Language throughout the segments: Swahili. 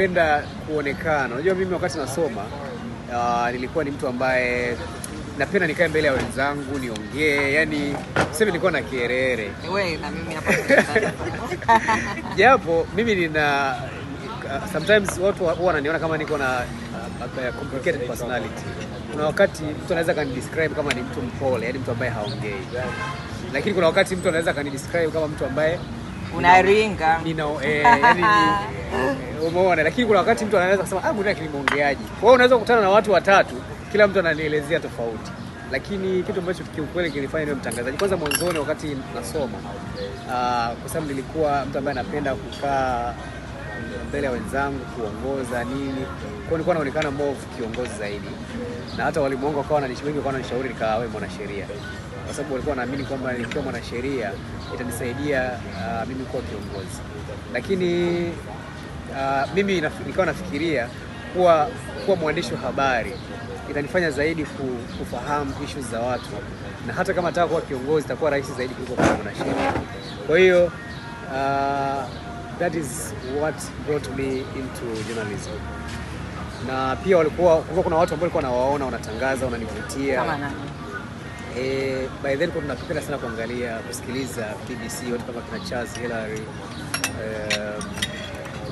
Napenda kuonekana. Unajua mimi wakati nasoma uh, nilikuwa ni mtu ambaye napenda nikae mbele ya wenzangu niongee, yani sema nilikuwa na kierere japo mimi nina uh, sometimes watu huwa wananiona kama niko na uh, complicated personality. Kuna wakati mtu anaweza kanidescribe kama ni mtu mpole, yani mtu ambaye haongei, lakini kuna wakati mtu anaweza kanidescribe kama mtu ambaye unaringa you know, eh, yani, eh, umeona. Lakini kuna wakati mtu anaweza kusema ah, ni mwongeaji. Kwa hiyo unaweza kukutana na watu watatu, kila mtu ananielezea tofauti lakini kitu ambacho kiukweli kilifanya niwe mtangazaji kwanza, mwanzoni wakati nasoma uh, kwa sababu nilikuwa mtu ambaye anapenda kukaa mbele ya wenzangu kuongoza nini, kwa nilikuwa naonekana more kiongozi zaidi, na hata walimu wangu wakawa wengi wananishauri nikawe mwanasheria, kwa sababu walikuwa wanaamini kwamba nikiwa mwanasheria itanisaidia uh, mimi kuwa kiongozi. Lakini uh, mimi nikawa nafikiria kuwa, kuwa mwandishi wa habari itanifanya zaidi kufahamu issues za watu, na hata kama nataka kuwa kiongozi itakuwa rahisi zaidi kuliko kuwa mwanasheria. Kwa hiyo uh, that is what brought me into journalism. Na pia walikuwa kulikuwa kuna watu ambao walikuwa nawaona wanatangaza wananivutia e, by then kuna tunapenda sana kuangalia kusikiliza BBC watu kama kina Charles Hillary um,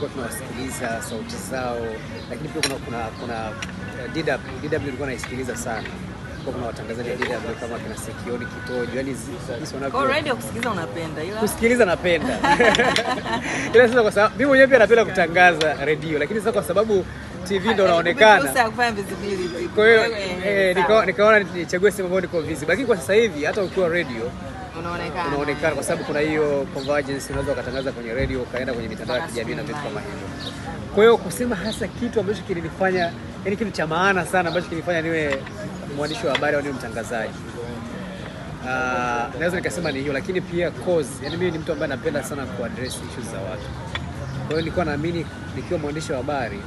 kwa tunawasikiliza sauti zao, lakini pia kuna kuna kuna eh, DW DW nilikuwa naisikiliza sana kwa kuna watangazaji wa ambao kama kina Sekioni Kitojo, yani jinsi wanavyo kwa radio kusikiliza unapenda, ila kusikiliza napenda, ila sasa kwa sababu mimi mwenyewe pia napenda kutangaza radio, lakini sasa kwa sababu TV ndo eh, naonekana, kwa hiyo eh, nikaona nichague sehemu ambayo niko visible, lakini kwa sasa hivi hata ukiwa radio unaonekana, unaonekana kwa sababu kuna hiyo convergence, unaweza ukatangaza kwenye radio ukaenda kwenye mitandao ya kijamii na vitu kama hivyo. Kwa hiyo kusema hasa kitu ambacho kilinifanya, yani kitu cha maana sana ambacho kilinifanya niwe mwandishi wa habari au niwe mtangazaji. Uh, naweza nikasema ni hiyo, lakini pia cause, yani mimi ni mtu ambaye napenda sana address issues za watu. Kwa hiyo nilikuwa naamini nikiwa mwandishi wa habari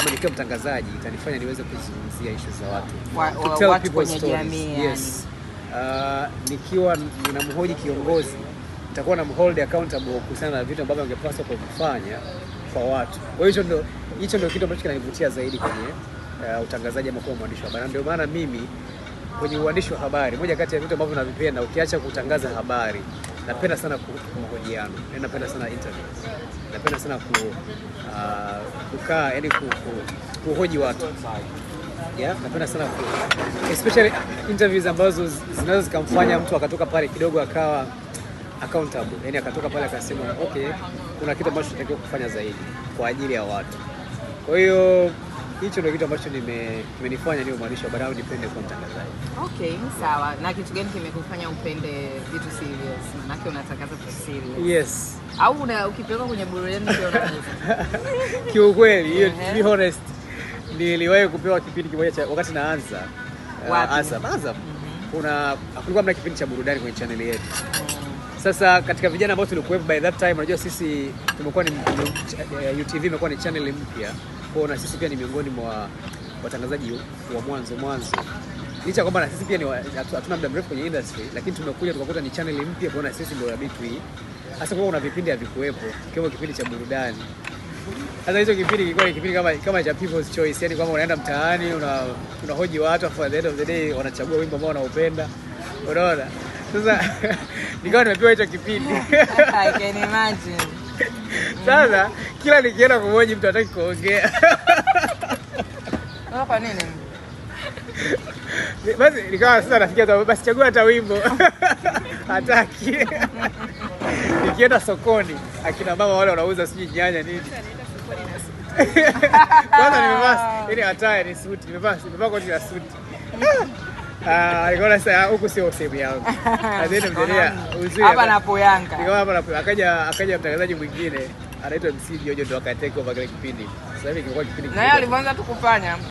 ama nikiwa mtangazaji itanifanya niweze kuzungumzia issues za watu. Wa, to tell watu people stories. Yes. Uh, nikiwa ninamhoji kiongozi nitakuwa namhold accountable kuhusiana na vitu ambavyo angepaswa kuvifanya kwa watu. Kwa hiyo hicho ndio hicho ndio kitu ambacho kinanivutia zaidi kwenye uh, utangazaji ama kuwa mwandishi wa habari. Ndio maana mimi kwenye uandishi wa habari, moja kati ya vitu ambavyo navipenda ukiacha kutangaza habari, napenda sana mahojiano, yaani napenda sana interviews, napenda sana ku, uh, kukaa yani ku, ku, kuhoji watu yeah, napenda sana ku, especially interviews ambazo zinaweza zikamfanya mtu akatoka pale kidogo akawa accountable, yani akatoka pale akasema okay, kuna kitu ambacho tunatakiwa kufanya zaidi kwa ajili ya watu. Kwa hiyo hicho ndio kitu ambacho kimenifanya niwe mwandishi wa habari nipende kuwa mtangazaji. Okay, sawa. Na kitu gani kimekufanya upende vitu serious? Maanake unatangaza vitu serious. Yes. Au una ukipeleka kwenye burudani pia unaweza. Kiukweli, hiyo to be honest, niliwahi kupewa kipindi kimoja cha wakati naanza uh, Azam. Azam. Mhm. Kuna kulikuwa mna kipindi cha burudani kwenye channel yetu. Mm. Sasa katika vijana ambao tulikuwepo by that time, unajua sisi tumekuwa ni eh, UTV imekuwa ni channel mpya Mm kwao, na sisi pia ni miongoni mwa watangazaji wa mwanzo mwanzo licha kwamba na sisi pia hatuna muda mrefu kwenye industry, lakini tumekuja tukakuta ni channel mpya kwa na sisi ndio inabidi hii e. hasa kwa kuna vipindi havikuwepo, kama kipindi cha burudani. Sasa hicho kipindi kilikuwa ni kipindi kama kama cha people's choice, yani kwamba unaenda mtaani una unahoji watu afu at the end of the day wanachagua wimbo ambao wanaupenda. Unaona? Sasa nikawa nimepewa hicho kipindi. I can imagine. Sasa kila nikienda kumoji mtu hataki kuongea. Kwa nini? Basi nikawa sasa nafikia tu basi chagua hata wimbo. Hataki. Nikienda sokoni akina baba wale wanauza sijui nyanya nini. Kwanza nimevaa ile hataya ni suti, nimevaa nimevaa koti la suti. Ah, huku sio sehemu yangu. Hapa napo Yanga. Hapa napo akaja akaja mtangazaji mwingine anaitwa MC Jojo ndo akateka over kile kipindi. Sasa hivi kimekuwa kipindi. Na yeye alianza tu kufanya